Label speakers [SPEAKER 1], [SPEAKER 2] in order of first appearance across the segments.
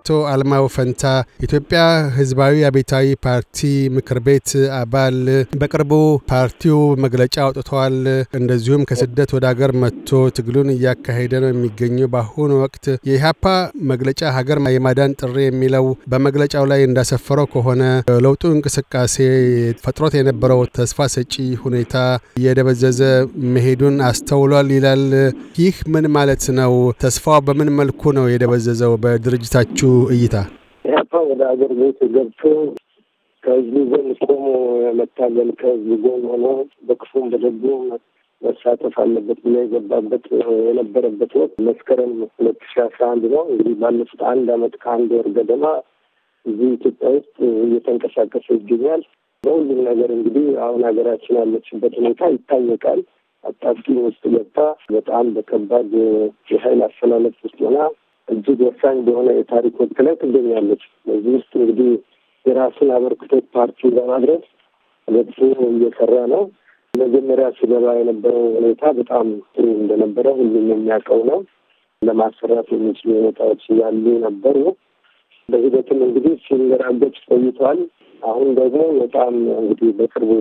[SPEAKER 1] አቶ አልማው ፈንታ ኢትዮጵያ ህዝባዊ አብዮታዊ ፓርቲ ምክር ቤት አባል፣ በቅርቡ ፓርቲው መግለጫ አውጥተዋል። እንደዚሁም ከስደት ወደ ሀገር መጥቶ ትግሉን እያካሄደ ነው የሚገኙ። በአሁኑ ወቅት የኢህአፓ መግለጫ ሀገር የማዳን ጥሪ የሚለው በመግለጫው ላይ እንዳሰፈረው ከሆነ ለውጡ እንቅስቃሴ ፈጥሮት የነበረው ተስፋ ሰጪ ሁኔታ እየደበዘዘ መሄዱን አስተውሏል ይላል። ይህ ምን ማለት ነው? ተስፋው በምን መልኩ ነው የደበዘዘው? በድርጅታችሁ እይታ
[SPEAKER 2] ኢህአፓ ወደ ሀገር ቤት ገብቶ ከህዝቡ ጎን ቆሞ መታገል ከህዝቡ ጎን ሆኖ በክፉም በደጉም መሳተፍ አለበት ብሎ የገባበት የነበረበት ወቅት መስከረም ሁለት ሺ አስራ አንድ ነው። እንግዲህ ባለፉት አንድ አመት ከአንድ ወር ገደማ እዚህ ኢትዮጵያ ውስጥ እየተንቀሳቀሰ ይገኛል። በሁሉም ነገር እንግዲህ አሁን ሀገራችን ያለችበት ሁኔታ ይታወቃል። አጣብቂኝ ውስጥ ገብታ በጣም በከባድ የሀይል አሰላለፍ ውስጥ ሆና እጅግ ወሳኝ በሆነ የታሪክ ወቅት ላይ ትገኛለች። በዚህ ውስጥ እንግዲህ የራሱን አበርክቶት ፓርቲው ለማድረግ ለብሶ እየሰራ ነው። መጀመሪያ ሲገባ የነበረው ሁኔታ በጣም ጥሩ እንደነበረ ሁሉም የሚያውቀው ነው። ለማሰራት የሚችሉ ሁኔታዎች ያሉ ነበሩ። በሂደትም እንግዲህ ሲንገራገጭ ቆይቷል። አሁን ደግሞ በጣም እንግዲህ በቅርቡ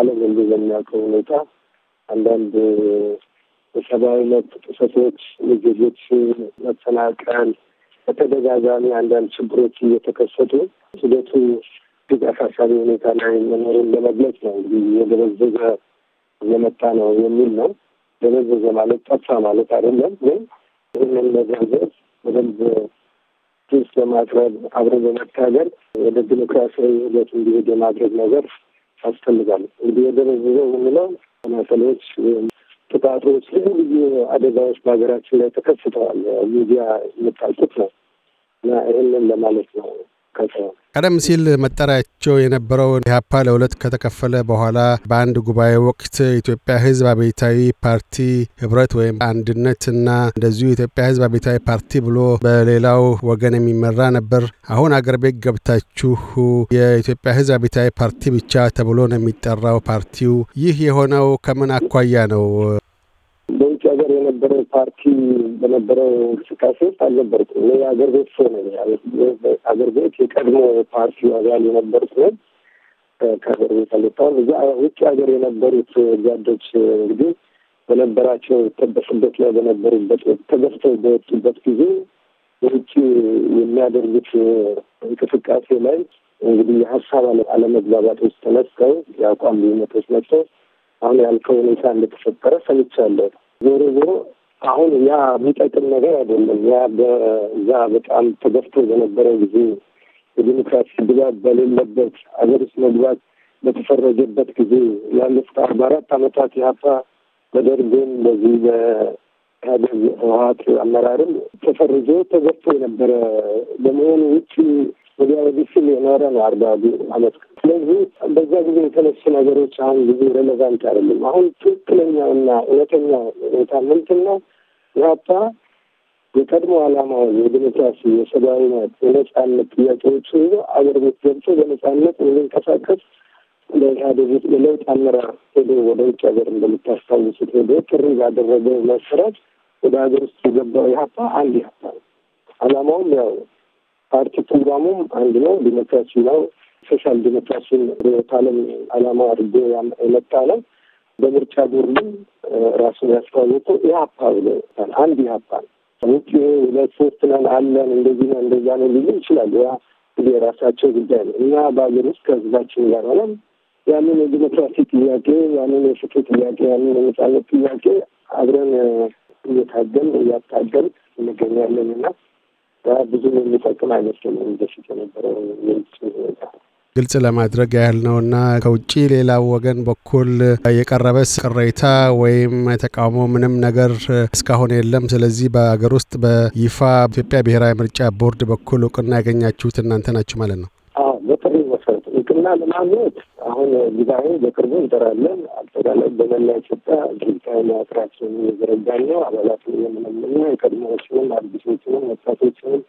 [SPEAKER 2] ዓለም ሁሉ በሚያውቀው ሁኔታ አንዳንድ የሰብአዊ መብት ጥሰቶች፣ የዜጎች መፈናቀል፣ በተደጋጋሚ አንዳንድ ችግሮች እየተከሰቱ ሂደቱ እጅግ አሳሳቢ ሁኔታ ላይ መኖሩን ለመግለጽ ነው። እንግዲህ የደበዘዘ እየመጣ ነው የሚል ነው። ደበዘዘ ማለት ጠፋ ማለት አይደለም፣ ግን ይህንን መገንዘብ በደንብ ስ በማቅረብ አብረ በመታገል ወደ ዲሞክራሲያዊ ሂደት እንዲሄድ የማድረግ ነገር ያስፈልጋል። እንግዲህ የደበዘዘው የምንለው ተናሰሎች ጥቃቶች፣ ልዩ ልዩ አደጋዎች በሀገራችን ላይ ተከስተዋል። ሚዲያ የምታውቁት ነው እና ይህንን ለማለት ነው።
[SPEAKER 1] ቀደም ሲል መጠሪያቸው የነበረው ኢህአፓ ለሁለት ከተከፈለ በኋላ በአንድ ጉባኤ ወቅት ኢትዮጵያ ህዝብ አብዮታዊ ፓርቲ ህብረት ወይም አንድነት እና እንደዚሁ ኢትዮጵያ ህዝብ አብዮታዊ ፓርቲ ብሎ በሌላው ወገን የሚመራ ነበር። አሁን አገር ቤት ገብታችሁ የኢትዮጵያ ህዝብ አብዮታዊ ፓርቲ ብቻ ተብሎ ነው የሚጠራው ፓርቲው። ይህ የሆነው ከምን አኳያ ነው?
[SPEAKER 2] በነበረው ፓርቲ በነበረው እንቅስቃሴ ውስጥ አልነበርኩም። እኔ የአገር ቤት ሰው ነኝ። አገር ቤት የቀድሞ ፓርቲ አባል የነበሩት ነው። ከሀገር ቤት አልወጣሁም። እዛ ውጭ ሀገር የነበሩት ጓዶች እንግዲህ በነበራቸው ተበስበት ላይ በነበሩበት ተገፍተው በወጡበት ጊዜ የውጭ የሚያደርጉት እንቅስቃሴ ላይ እንግዲህ የሀሳብ አለመግባባቶች ተነስተው የአቋም ልዩነቶች መጥተው አሁን ያልከው ሁኔታ እንደተፈጠረ ሰምቻለሁ። ዞሮ ዞሮ አሁን ያ የሚጠቅም ነገር አይደለም። ያ በዛ በጣም ተገፍቶ በነበረ ጊዜ የዲሞክራሲ ድጋፍ በሌለበት ሀገር ውስጥ መግባት በተፈረጀበት ጊዜ ላለፉት አርባ አራት አመታት የሀፓ በደርግም በዚህ በኢህአዴግ ህወሀት አመራርም ተፈርጆ ተገፍቶ የነበረ በመሆኑ ውጭ ሲል የኖረ ነው አርባ አመት። ስለዚህ በዛ ጊዜ የተነሱ ነገሮች አሁን ብዙ ረለቫንት አይደለም። አሁን ትክክለኛውና እውነተኛ ሁኔታ ምንድን ነው? ኢህአፓ የቀድሞ ዓላማውን የዲሞክራሲ፣ የሰብአዊነት፣ የነጻነት ጥያቄዎች ይዞ አገር ቤት ገብቶ በነጻነት እንዲንቀሳቀስ ለኢህአዴግ የለውጥ አመራር ሄዶ ወደ ውጭ ሀገር እንደምታስታውሱት ሄዶ ጥሪ ባደረገው መሰረት ወደ ሀገር ውስጥ የገባው ኢህአፓ አንድ ኢህአፓ ነው። ዓላማውም ያው ፓርቲ ፕሮግራሙም አንድ ነው፣ ዲሞክራሲ ነው። ሶሻል ዲሞክራሲን ርዕዮተ ዓለም ዓላማ አድርጎ የመጣ ነው። በምርጫ ቦርድም ራሱን ያስተዋወቁ ኢህአፓ ብሎ ይታል። አንድ ኢህአፓ ነው። ውጭ ሁለት ሶስት ነን አለን እንደዚህ ነው እንደዛ ነው ሊሉ ይችላሉ። ያ እንግዲህ የራሳቸው ጉዳይ ነው። እኛ በሀገር ውስጥ ከህዝባችን ጋር ሆነን ያንን የዲሞክራሲ ጥያቄ፣ ያንን የፍትህ ጥያቄ፣ ያንን የነጻነት ጥያቄ አብረን እየታገል እያታገል እንገኛለን እና ብዙም የሚጠቅም አይመስለኝም በፊት የነበረው ሁኔታ
[SPEAKER 1] ግልጽ ለማድረግ ያህል ነውና ከውጭ ሌላው ወገን በኩል የቀረበስ ቅሬታ ወይም ተቃውሞ ምንም ነገር እስካሁን የለም። ስለዚህ በሀገር ውስጥ በይፋ ኢትዮጵያ ብሔራዊ ምርጫ ቦርድ በኩል እውቅና ያገኛችሁት እናንተ ናችሁ ማለት ነው።
[SPEAKER 2] ለማግኘት አሁን ጉባኤ በቅርቡ እንጠራለን። አጠቃላይ በመላ ኢትዮጵያ ድርጅታዊ አጥራችንን እየዘረጋን ነው። አባላትን የምንመኘ የቀድሞዎችንም፣ አዲሶችንም፣ ወጣቶችንም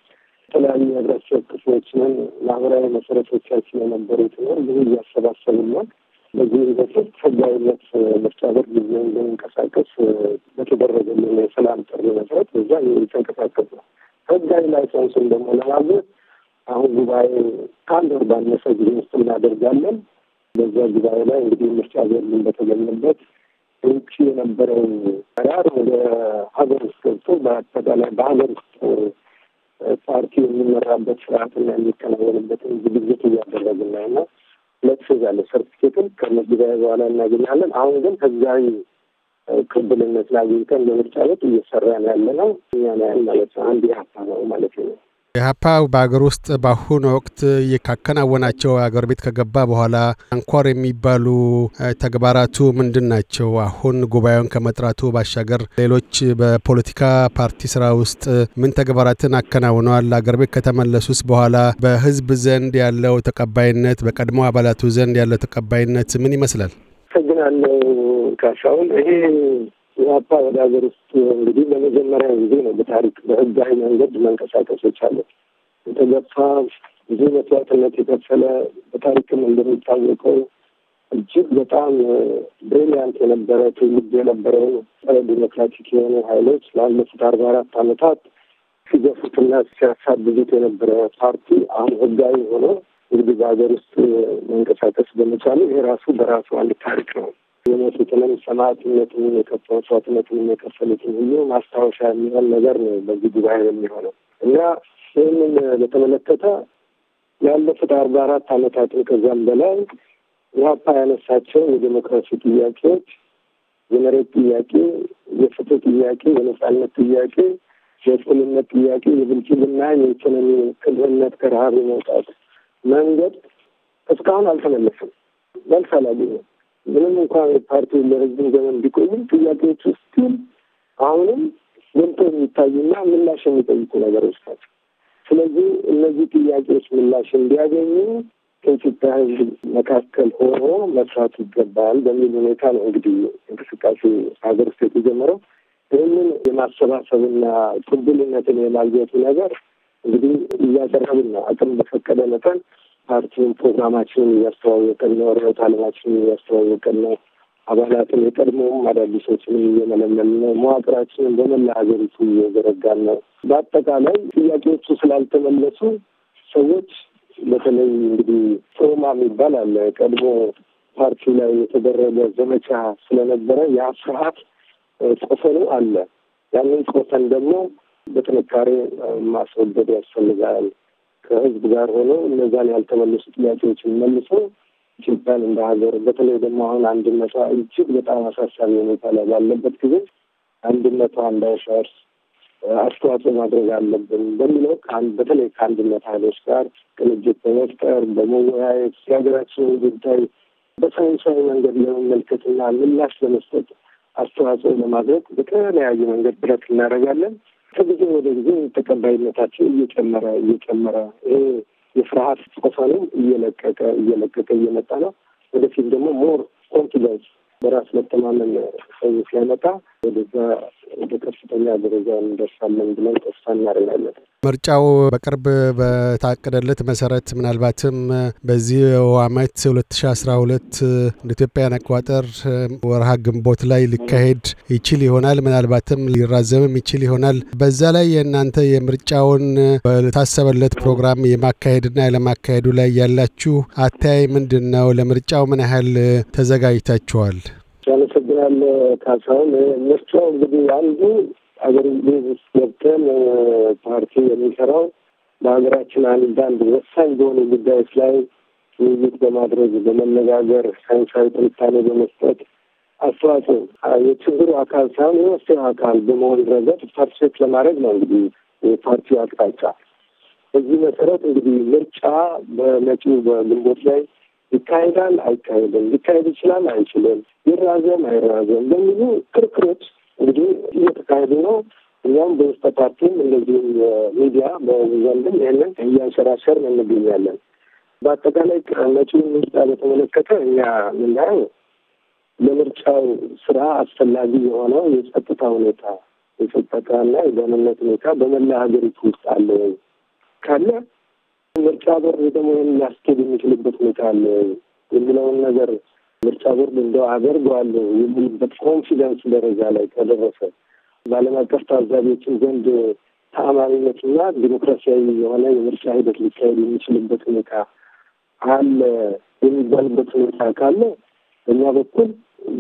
[SPEAKER 2] የተለያዩ የህብረተሰብ ክፍሎችንም ማህበራዊ መሰረቶቻችን የነበሩትን ብዙ እያሰባሰብን ነው። በዚህ ሂደት ውስጥ ህጋዊነት ምርጫ ቦርድ ጊዜ እንደሚንቀሳቀስ በተደረገልን የሰላም ጥሪ መሰረት በዛ ተንቀሳቀስ ነው። ህጋዊ ላይሰንሱን ደግሞ ለማግኘት አሁን ጉባኤ ከአንድ ወር ባነሰ ጊዜ ውስጥ እናደርጋለን። በዛ ጉባኤ ላይ እንግዲህ ምርጫ ዘልን በተገኘበት ውጭ የነበረው አራር ወደ ሀገር ውስጥ ገብቶ በአጠቃላይ በሀገር ውስጥ ፓርቲ የሚመራበት ስርዓትና የሚከናወንበትን ዝግጅት እያደረግን ነው እና ሁለት ፌዝ አለ። ሰርቲፊኬትን ከመጉባኤ በኋላ እናገኛለን። አሁን ግን ህጋዊ ክብልነት ላግኝተን በምርጫ ቤት እየሰራን ያለ ነው። እኛ ያህል ማለት ነው። አንድ የሀታ ነው ማለት
[SPEAKER 1] ነው። ኢህአፓ በሀገር ውስጥ በአሁኑ ወቅት ካከናወናቸው አገር ቤት ከገባ በኋላ አንኳር የሚባሉ ተግባራቱ ምንድን ናቸው? አሁን ጉባኤውን ከመጥራቱ ባሻገር ሌሎች በፖለቲካ ፓርቲ ስራ ውስጥ ምን ተግባራትን አከናውነዋል? አገር ቤት ከተመለሱስ በኋላ በህዝብ ዘንድ ያለው ተቀባይነት፣ በቀድሞ አባላቱ ዘንድ ያለው ተቀባይነት ምን ይመስላል?
[SPEAKER 2] አመሰግናለሁ ካሳሁን። ይሄ ኢህአፓ ወደ ሀገር ውስጥ እንግዲህ ለመጀመሪያ ጊዜ ነው በታሪክ በህጋዊ መንገድ መንቀሳቀስ የቻለው። የተገፋ ብዙ መስዋዕትነት የከፈለ በታሪክም እንደሚታወቀው እጅግ በጣም ብሪሊያንት የነበረ ትውልድ የነበረው ጸረ ዲሞክራቲክ የሆኑ ሀይሎች ለአለፉት አርባ አራት አመታት ሲገፉትና ሲያሳድጉት የነበረ ፓርቲ አሁን ህጋዊ ሆኖ እንግዲህ በሀገር ውስጥ መንቀሳቀስ በመቻሉ ይሄ ራሱ በራሱ አንድ ታሪክ ነው። የሞቱትንም ሰማዕትነትንም የከፈ መስዋዕትነትንም የከፈሉትን ሁሉ ማስታወሻ የሚሆን ነገር ነው በዚህ ጉባኤ የሚሆነው እና ይህንን በተመለከተ ያለፉት አርባ አራት አመታትን ከዚያም በላይ ኢህአፓ ያነሳቸው የዴሞክራሲ ጥያቄዎች፣ የመሬት ጥያቄ፣ የፍትህ ጥያቄ፣ የነጻነት ጥያቄ፣ የእኩልነት ጥያቄ፣ የብልጽግና የኢኮኖሚ ክልህነት ከረሃብ የመውጣት መንገድ እስካሁን አልተመለሰም፣ መልስ አላገኘም። ምንም እንኳን ፓርቲው ለረጅም ዘመን ቢቆይም ጥያቄዎች ውስጥ ግን አሁንም ጎልቶ የሚታዩና ምላሽ የሚጠይቁ ነገሮች ናቸው። ስለዚህ እነዚህ ጥያቄዎች ምላሽ እንዲያገኙ ከኢትዮጵያ ሕዝብ መካከል ሆኖ መስራት ይገባል በሚል ሁኔታ ነው እንግዲህ እንቅስቃሴ ሀገር ውስጥ የተጀመረው። ይህንን የማሰባሰብና ቅቡልነትን የማግኘቱ ነገር እንግዲህ እያቀረብን ነው አቅም በፈቀደ መጠን ፓርቲውን ፕሮግራማችንን እያስተዋወቅን ነው። ርዕዮተ ዓለማችንን እያስተዋወቅን ነው። አባላትን የቀድሞውም አዳዲሶችን እየመለመን ነው። መዋቅራችንን በመላ ሀገሪቱ እየዘረጋን ነው። በአጠቃላይ ጥያቄዎቹ ስላልተመለሱ ሰዎች በተለይ እንግዲህ ሶማ የሚባል አለ ቀድሞ ፓርቲው ላይ የተደረገ ዘመቻ ስለነበረ ያ ፍርሃት ቆሰኑ አለ። ያንን ቆሰን ደግሞ በጥንካሬ ማስወገድ ያስፈልጋል። ከህዝብ ጋር ሆኖ እነዛን ያልተመለሱ ጥያቄዎችን መልሰው ኢትዮጵያን እንደ ሀገር በተለይ ደግሞ አሁን አንድነቷ እጅግ በጣም አሳሳቢ ሁኔታ ላይ ባለበት ጊዜ አንድነቷ እንዳይፈርስ አስተዋጽኦ ማድረግ አለብን በሚለው በተለይ ከአንድነት ኃይሎች ጋር ቅንጅት በመፍጠር በመወያየት የሀገራችንን ጉዳይ በሳይንሳዊ መንገድ ለመመልከትና ምላሽ ለመስጠት አስተዋጽኦ ለማድረግ በተለያዩ መንገድ ብረት እናደርጋለን። ከጊዜ ወደ ጊዜ ተቀባይነታቸው እየጨመረ እየጨመረ ይሄ የፍርሃት ቆፈንም እየለቀቀ እየለቀቀ እየመጣ ነው። ወደፊት ደግሞ ሞር ኮንፊደንስ በራስ መተማመን ሰዎች ላይ ወደዛ ወደ ከፍተኛ ደረጃ እንደርሳለን ብለን ተስፋ እናደርጋለን።
[SPEAKER 1] ምርጫው በቅርብ በታቀደለት መሰረት ምናልባትም በዚህ ዓመት 2012 እንደ ኢትዮጵያን አቆጣጠር ወርሃ ግንቦት ላይ ሊካሄድ ይችል ይሆናል። ምናልባትም ሊራዘምም ይችል ይሆናል። በዛ ላይ የእናንተ የምርጫውን በታሰበለት ፕሮግራም የማካሄድና ያለማካሄዱ ላይ ያላችሁ አተያይ ምንድን ነው? ለምርጫው ምን ያህል ተዘጋጅታችኋል? አመሰግናለሁ
[SPEAKER 2] ካሳሁን። ምርጫው እንግዲህ አንዱ ሀገር ቤት ውስጥ ገብተን ፓርቲ የሚሰራው በሀገራችን አንዳንድ ወሳኝ በሆኑ ጉዳዮች ላይ ውይይት በማድረግ በመነጋገር ሳይንሳዊ ትንታኔ በመስጠት አስተዋጽኦ የችግሩ አካል ሳይሆን የመፍትሄው አካል በመሆን ረገድ ፓርቲዎች ለማድረግ ነው እንግዲህ የፓርቲው አቅጣጫ። በዚህ መሰረት እንግዲህ ምርጫ በመጪው በግንቦት ላይ ይካሄዳል አይካሄድም፣ ሊካሄድ ይችላል አይችልም፣ ይራዘም አይራዘም በሚሉ ክርክሮች እንግዲህ እየተካሄዱ ነው። እኛም በውስጥ ፓርቲም እንደዚህ ሚዲያ በህዝብ ዘንድም ይህንን እያንሸራሸር እንገኛለን። በአጠቃላይ መጪውን ምርጫ በተመለከተ እኛ የምናየው ለምርጫው ስራ አስፈላጊ የሆነው የጸጥታ ሁኔታ የጸጥታና የደህንነት ሁኔታ በመላ ሀገሪቱ ውስጥ አለ ወይ ካለ ምርጫ ቦርድ ደግሞ ይህን ሊያስኬድ የሚችልበት ሁኔታ አለ የሚለውን ነገር ምርጫ ቦርድ እንደው አደርገዋለሁ የሚልበት ኮንፊደንስ ደረጃ ላይ ከደረሰ በዓለም አቀፍ ታዛቢዎችን ዘንድ ተአማኒነትና ዲሞክራሲያዊ የሆነ የምርጫ ሂደት ሊካሄድ የሚችልበት ሁኔታ አለ የሚባልበት ሁኔታ ካለ በእኛ በኩል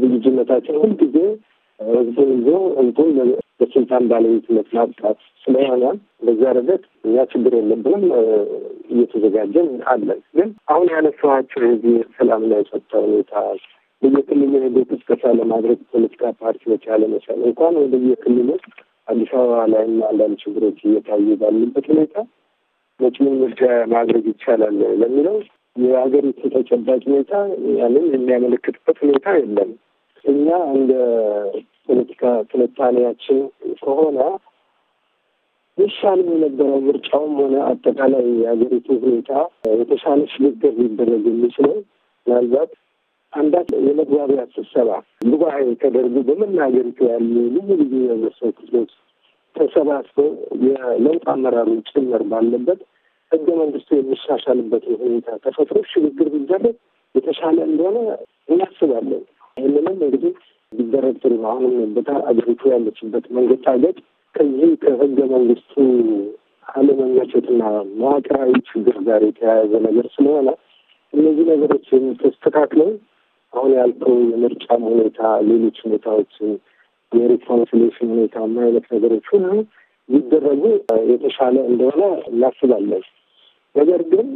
[SPEAKER 2] ዝግጁነታችን ሁልጊዜ ህዝቡን ይዞ ህዝቡን የስልጣን ባለቤትነት ማብቃት ስለሆነ በዛ ረገድ እኛ ችግር የለብንም፣ እየተዘጋጀን አለን። ግን አሁን ያነሳኋቸው የዚህ ሰላምና የጸጥታ ሁኔታ በየክልሉ ሄዶ ቅስቀሳ ለማድረግ ፖለቲካ ፓርቲዎች አለመቻል እንኳን ወደ የክልሉ አዲስ አበባ ላይም አንዳንድ ችግሮች እየታዩ ባሉበት ሁኔታ መጪውን ምርጫ ማድረግ ይቻላል ለሚለው የሀገሪቱ ተጨባጭ ሁኔታ ያንን የሚያመለክትበት ሁኔታ የለም። እኛ እንደ ፖለቲካ ትንታኔያችን ከሆነ ይሻልም የነበረው ምርጫውም ሆነ አጠቃላይ የሀገሪቱ ሁኔታ የተሻለ ሽግግር ሊደረግ የሚችለው ምናልባት አንዳት የመግባቢያ ስብሰባ ጉባኤ ተደርጎ በመላ ሀገሪቱ ያሉ ልዩ ልዩ የመሰው ክፍሎች ተሰባስበው የለውጥ አመራሩ ጭምር ባለበት ህገ መንግስቱ የሚሻሻልበትን ሁኔታ ተፈጥሮ ሽግግር ቢደረግ የተሻለ እንደሆነ እናስባለን። ይህንንም እንግዲህ ቢደረግ ጥሩ ነው። አሁንም አገሪቱ ያለችበት መንገድ መንገጫገጭ ከዚህ ከህገ መንግስቱ አለመመቸትና መዋቅራዊ ችግር ጋር የተያያዘ ነገር ስለሆነ እነዚህ ነገሮች ተስተካክለው አሁን ያልከው የምርጫም ሁኔታ፣ ሌሎች ሁኔታዎችን የሪኮንሲሌሽን ሁኔታ አይነት ነገሮች ሁሉ ሊደረጉ የተሻለ እንደሆነ እናስባለን። ነገር ግን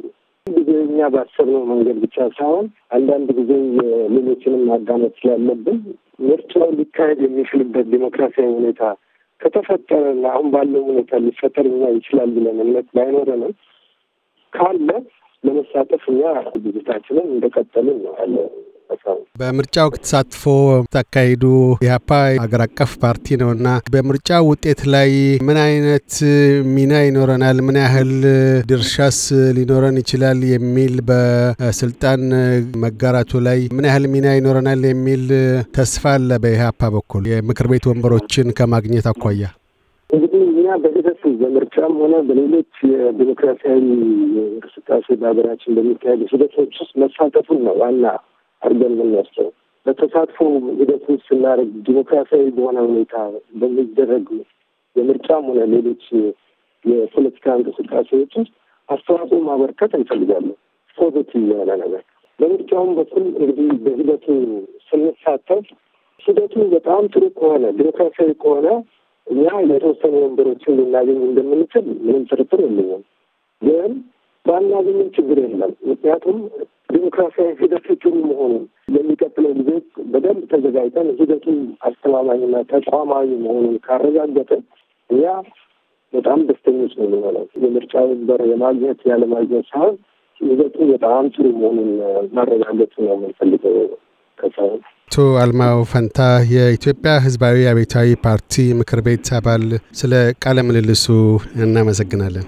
[SPEAKER 2] ጊዜ እኛ ባሰብነው መንገድ ብቻ ሳይሆን አንዳንድ ጊዜ የሌሎችንም ማዳመጥ ስላለብን ምርጫው ሊካሄድ የሚችልበት ዲሞክራሲያዊ ሁኔታ ከተፈጠረና አሁን ባለው ሁኔታ ሊፈጠር ይችላል ብለን እምነት ባይኖረንም ካለ ለመሳተፍ እኛ ዝግጅታችንን እንደቀጠልን ነው ያለ
[SPEAKER 1] በምርጫ ወቅት ተሳትፎ ታካሂዱ ኢህአፓ ሀገር አቀፍ ፓርቲ ነው እና በምርጫ ውጤት ላይ ምን አይነት ሚና ይኖረናል፣ ምን ያህል ድርሻስ ሊኖረን ይችላል የሚል በስልጣን መጋራቱ ላይ ምን ያህል ሚና ይኖረናል የሚል ተስፋ አለ በኢህአፓ በኩል የምክር ቤት ወንበሮችን ከማግኘት አኳያ።
[SPEAKER 2] በሂደቱ በምርጫም ሆነ በሌሎች የዲሞክራሲያዊ እንቅስቃሴ በሀገራችን በሚካሄዱ ሂደቶች ውስጥ መሳተፉን ነው ዋና አድርገን የምንወስደው በተሳትፎ ሂደት ውስጥ ስናደርግ ዲሞክራሲያዊ በሆነ ሁኔታ በሚደረግ የምርጫም ሆነ ሌሎች የፖለቲካ እንቅስቃሴዎች ውስጥ አስተዋጽኦ ማበርከት እንፈልጋለን። ፖዘቲቭ የሆነ ነገር በምርጫውም በኩል እንግዲህ በሂደቱ ስንሳተፍ ሂደቱ በጣም ጥሩ ከሆነ ዲሞክራሲያዊ ከሆነ እኛ የተወሰኑ ወንበሮችን ልናገኝ እንደምንችል ምንም ጥርጥር የለኝም። ግን ባናገኝም ችግር የለም። ምክንያቱም ዲሞክራሲያዊ ሂደቶችን መሆኑን የሚቀጥለው ጊዜ በደንብ ተዘጋጅተን ሂደቱን አስተማማኝና ተቋማዊ መሆኑን ካረጋገጥን እኛ በጣም ደስተኞች ነው የሚሆነው። የምርጫውን በር የማግኘት ያለማግኘት ሳይሆን ሂደቱ በጣም ጥሩ መሆኑን ማረጋገጥ ነው የምንፈልገው
[SPEAKER 1] ከሳይሆን አቶ አልማው ፈንታ የኢትዮጵያ ሕዝባዊ አብዮታዊ ፓርቲ ምክር ቤት አባል፣ ስለ ቃለ ምልልሱ እናመሰግናለን።